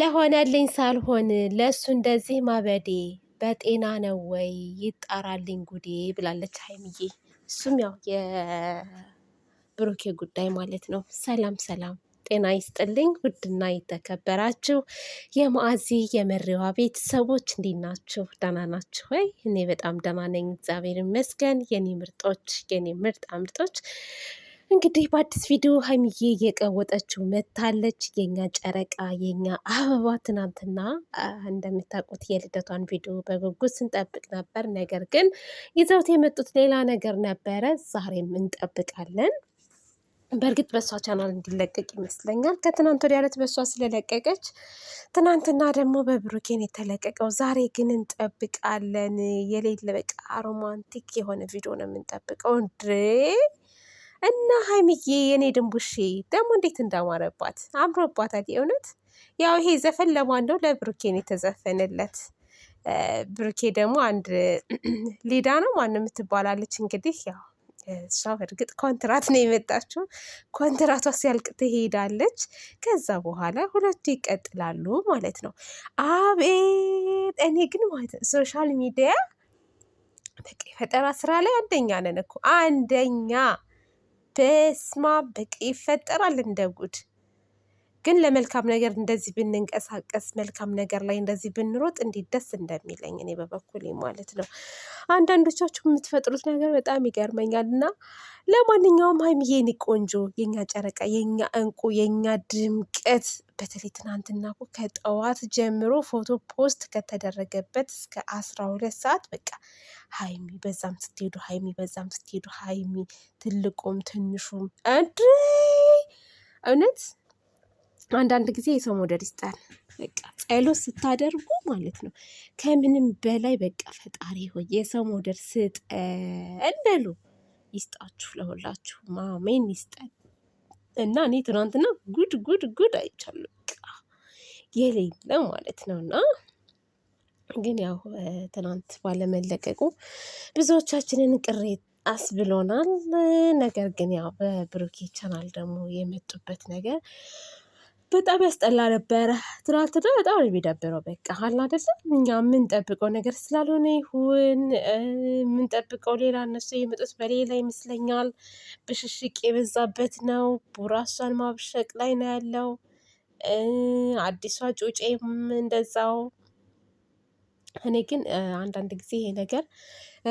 ለሆነልኝ ሳልሆን ለእሱ እንደዚህ ማበዴ በጤና ነው ወይ ይጣራልኝ ጉዴ ብላለች ሀይምዬ። እሱም ያው የብሩኬ ጉዳይ ማለት ነው። ሰላም ሰላም፣ ጤና ይስጥልኝ ውድና የተከበራችሁ የማአዚ የመሪዋ ቤተሰቦች እንዴት ናችሁ? ደህና ናችሁ ወይ? እኔ በጣም ደህና ነኝ፣ እግዚአብሔር ይመስገን። የኔ ምርጦች፣ የኔ ምርጣ ምርጦች እንግዲህ በአዲስ ቪዲዮ ሀይሚዬ እየቀወጠችው መታለች። የኛ ጨረቃ የኛ አበባ ትናንትና እንደምታውቁት የልደቷን ቪዲዮ በጉጉት ስንጠብቅ ነበር። ነገር ግን ይዘውት የመጡት ሌላ ነገር ነበረ። ዛሬም እንጠብቃለን። በእርግጥ በእሷ ቻናል እንዲለቀቅ ይመስለኛል። ከትናንት ወዲያ ዕለት በእሷ ስለለቀቀች ትናንትና ደግሞ በብሩኬን የተለቀቀው። ዛሬ ግን እንጠብቃለን። የሌለ በቃ ሮማንቲክ የሆነ ቪዲዮ ነው የምንጠብቀው እንዴ እና ሀይሚዬ የኔ ድንቡሼ ደግሞ እንዴት እንዳማረባት አምሮባታል። የእውነት ያው ይሄ ዘፈን ለማን ነው? ለብሩኬን የተዘፈንለት ብሩኬ ደግሞ አንድ ሊዳ ነው ማን የምትባላለች እንግዲህ ያው እሷ በእርግጥ ኮንትራት ነው የመጣችው። ኮንትራቷ ሲያልቅ ትሄዳለች። ከዛ በኋላ ሁለቱ ይቀጥላሉ ማለት ነው። አቤት እኔ ግን ማለት ነው ሶሻል ሚዲያ በቃ የፈጠራ ስራ ላይ አንደኛ ነን እኮ አንደኛ በስማ በቃ ይፈጠራል እንደ ጉድ። ግን ለመልካም ነገር እንደዚህ ብንንቀሳቀስ መልካም ነገር ላይ እንደዚህ ብንሮጥ እንዴት ደስ እንደሚለኝ እኔ በበኩሌ ማለት ነው። አንዳንዶቻችሁ የምትፈጥሩት ነገር በጣም ይገርመኛል። እና ለማንኛውም ሀይሚዬ የኔ ቆንጆ፣ የኛ ጨረቃ፣ የኛ እንቁ፣ የኛ ድምቀት በተለይ ትናንትና እኮ ከጠዋት ጀምሮ ፎቶ ፖስት ከተደረገበት እስከ አስራ ሁለት ሰዓት በቃ ሀይሚ በዛም ስትሄዱ ሀይሚ በዛም ስትሄዱ ሀይሚ ትልቁም ትንሹም እንድ እውነት አንዳንድ ጊዜ የሰው መውደድ ይስጣል። በቃ ጸሎት ስታደርጉ ማለት ነው። ከምንም በላይ በቃ ፈጣሪ ሆይ የሰው መውደድ ስጠን በሉ። ይስጣችሁ፣ ለሁላችሁም አሜን። ይስጠን። እና እኔ ትናንትና ጉድ ጉድ ጉድ አይቻለሁ። የሌለ ማለት ነው እና ግን ያው ትናንት ባለመለቀቁ ብዙዎቻችንን ቅሬት አስብሎናል። ነገር ግን ያው በብሩኬ ቻናል ደግሞ የመጡበት ነገር በጣም ያስጠላ ነበረ። ትናንትና በጣም ነው የሚደብረው። በቃ አላ እኛ የምንጠብቀው ነገር ስላልሆነ ይሁን የምንጠብቀው ሌላ፣ እነሱ የመጡት በሌላ ይመስለኛል። ብሽሽቅ የበዛበት ነው። ቡራሷን ማብሸቅ ላይ ነው ያለው። አዲሷ ጩጬም እንደዛው እኔ ግን አንዳንድ ጊዜ ይሄ ነገር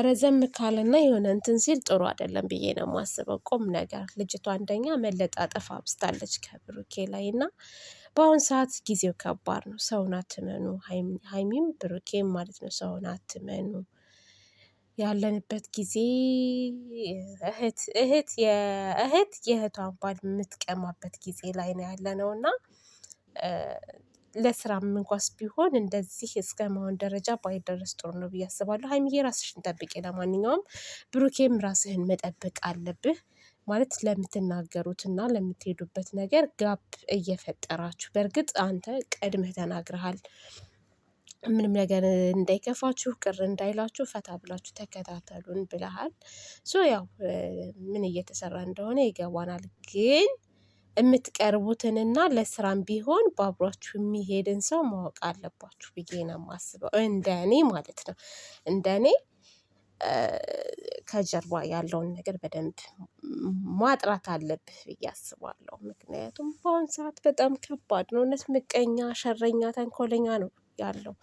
ረዘም ካለና የሆነ እንትን ሲል ጥሩ አይደለም ብዬ ነው የማስበው። ቁም ነገር ልጅቷ አንደኛ መለጣጠፍ አብዝታለች ከብሩኬ ላይ እና በአሁን ሰዓት ጊዜው ከባድ ነው። ሰውን አትመኑ፣ ሀይሚም ብሩኬም ማለት ነው። ሰውን አትመኑ። ያለንበት ጊዜ እህት እህት የእህት የእህቷን ባል የምትቀማበት ጊዜ ላይ ነው ያለነው እና ለስራም እንኳስ ቢሆን እንደዚህ እስከ መሆን ደረጃ ባይደረስ ጥሩ ነው ብዬ አስባለሁ። ሀይሚዬ ራስሽን ጠብቂ። ለማንኛውም ብሩኬም ራስህን መጠበቅ አለብህ። ማለት ለምትናገሩትና ለምትሄዱበት ነገር ጋብ እየፈጠራችሁ በእርግጥ አንተ ቀድመህ ተናግረሃል። ምንም ነገር እንዳይከፋችሁ ቅር እንዳይላችሁ ፈታ ብላችሁ ተከታተሉን ብለሃል። ሶ ያው ምን እየተሰራ እንደሆነ ይገባናል ግን የምትቀርቡትንና ለስራም ቢሆን በአብሯችሁ የሚሄድን ሰው ማወቅ አለባችሁ ብዬ ነው የማስበው። እንደ እኔ ማለት ነው። እንደ እኔ ከጀርባ ያለውን ነገር በደንብ ማጥራት አለብህ ብዬ አስባለሁ። ምክንያቱም በአሁን ሰዓት በጣም ከባድ ነው። እውነት ምቀኛ፣ ሸረኛ፣ ተንኮለኛ ነው ያለው።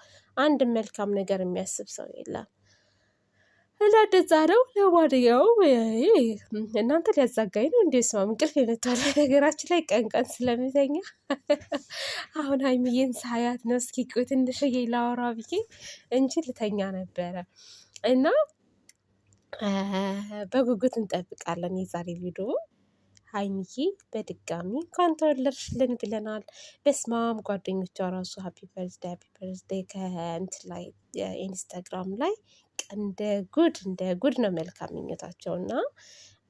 አንድ መልካም ነገር የሚያስብ ሰው የለም። እንደዛ ነው። ለማንኛውም እናንተ ሊያዛጋኝ ነው እንዴ? ስማ እንቅልፍ የመቷል። ነገራችን ላይ ቀንቀን ቀን አሁን ሀይሚዬን ሳያት ነው እስኪ ቆይ ትንሽዬ ላወራ ብዬ እንጂ ልተኛ ነበረ እና በጉጉት እንጠብቃለን የዛሬ ቪዲዮ። ሀይሚዬ በድጋሚ እንኳን ተወለድሽልን ብለናል። በስማም ጓደኞቿ ራሱ ሀፒ በርዝዴ ሀፒ በርዝዴ ከእንት ላይ ኢንስታግራም ላይ እንደ ጉድ እንደ ጉድ ነው መልካም እና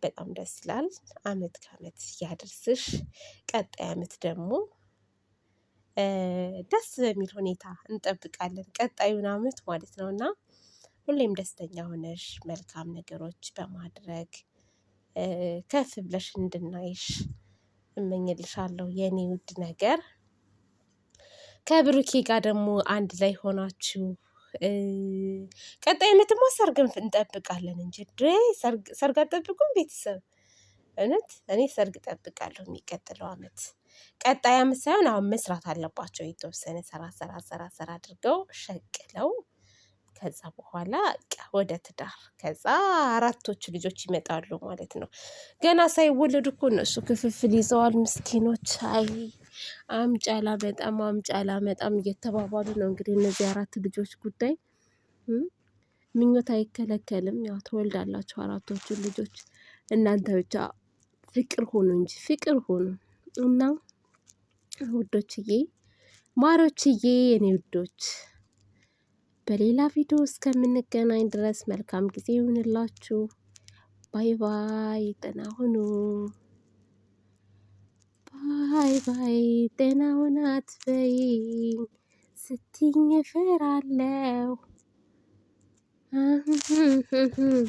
በጣም ደስ ይላል። አመት ከአመት ያድርስሽ። ቀጣይ አመት ደግሞ ደስ በሚል ሁኔታ እንጠብቃለን ቀጣዩን አመት ማለት ነው እና ሁሌም ደስተኛ ሆነሽ መልካም ነገሮች በማድረግ ከፍ ብለሽ እንድናይሽ እመኝልሻለሁ የኔ ውድ ነገር። ከብሩኬ ጋር ደግሞ አንድ ላይ ሆናችሁ ቀጣይ ቀጣይነትማ ሰርግን እንጠብቃለን እንጂ ድሬ ሰርግ አጠብቁም ቤተሰብ እውነት እኔ ሰርግ እጠብቃለሁ። የሚቀጥለው አመት ቀጣይ አመት ሳይሆን አሁን መስራት አለባቸው። የተወሰነ ሰራ ሰራ ሰራ ሰራ አድርገው ሸቅለው ከዛ በኋላ ወደ ትዳር ከዛ አራቶቹ ልጆች ይመጣሉ ማለት ነው። ገና ሳይወለዱ እኮ እነሱ ክፍፍል ይዘዋል ምስኪኖች። አይ አምጫላ በጣም አምጫላ በጣም እየተባባሉ ነው እንግዲህ እነዚህ አራት ልጆች ጉዳይ። ምኞት አይከለከልም ያው ትወልዳላችሁ አራቶቹ ልጆች እናንተ ብቻ ፍቅር ሆኑ እንጂ ፍቅር ሆኑ እና ውዶችዬ ማሮችዬ የኔ ውዶች በሌላ ቪዲዮ እስከምንገናኝ ድረስ መልካም ጊዜ ይሁንላችሁ። ባይ ባይ ደህና ሁኑ። ባይ ባይ ጤናውን አትበይኝ ስትኝ እፈራለሁ።